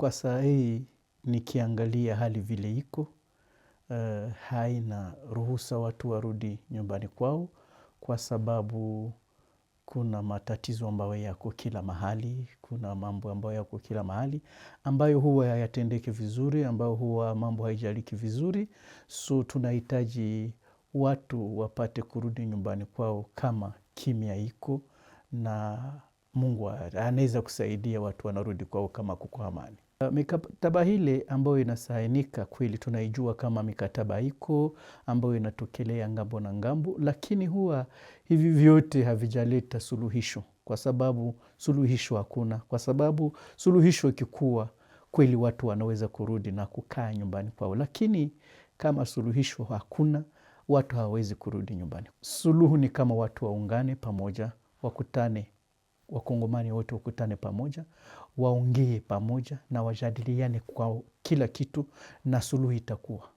Kwa saa hii nikiangalia hali vile iko uh, haina ruhusa watu warudi nyumbani kwao kwa sababu kuna matatizo ambayo yako kila mahali, kuna mambo ambayo yako kila mahali ambayo huwa hayatendeki vizuri, ambayo huwa mambo haijaliki vizuri. So tunahitaji watu wapate kurudi nyumbani kwao kama kimya iko na Mungu anaweza kusaidia watu wanarudi kwao kama kuko amani. Mikataba ile ambayo inasainika kweli tunaijua kama mikataba iko ambayo inatokelea ngambo na ngambo, lakini huwa hivi vyote havijaleta suluhisho, kwa sababu suluhisho hakuna, kwa sababu suluhisho ikikuwa kweli watu wanaweza kurudi na kukaa nyumbani kwao, lakini kama suluhisho hakuna, watu hawawezi kurudi nyumbani. Suluhu ni kama watu waungane pamoja, wakutane Wakongomani wote wakutane pamoja, waongee pamoja na wajadiliane kwa kila kitu, na suluhu itakuwa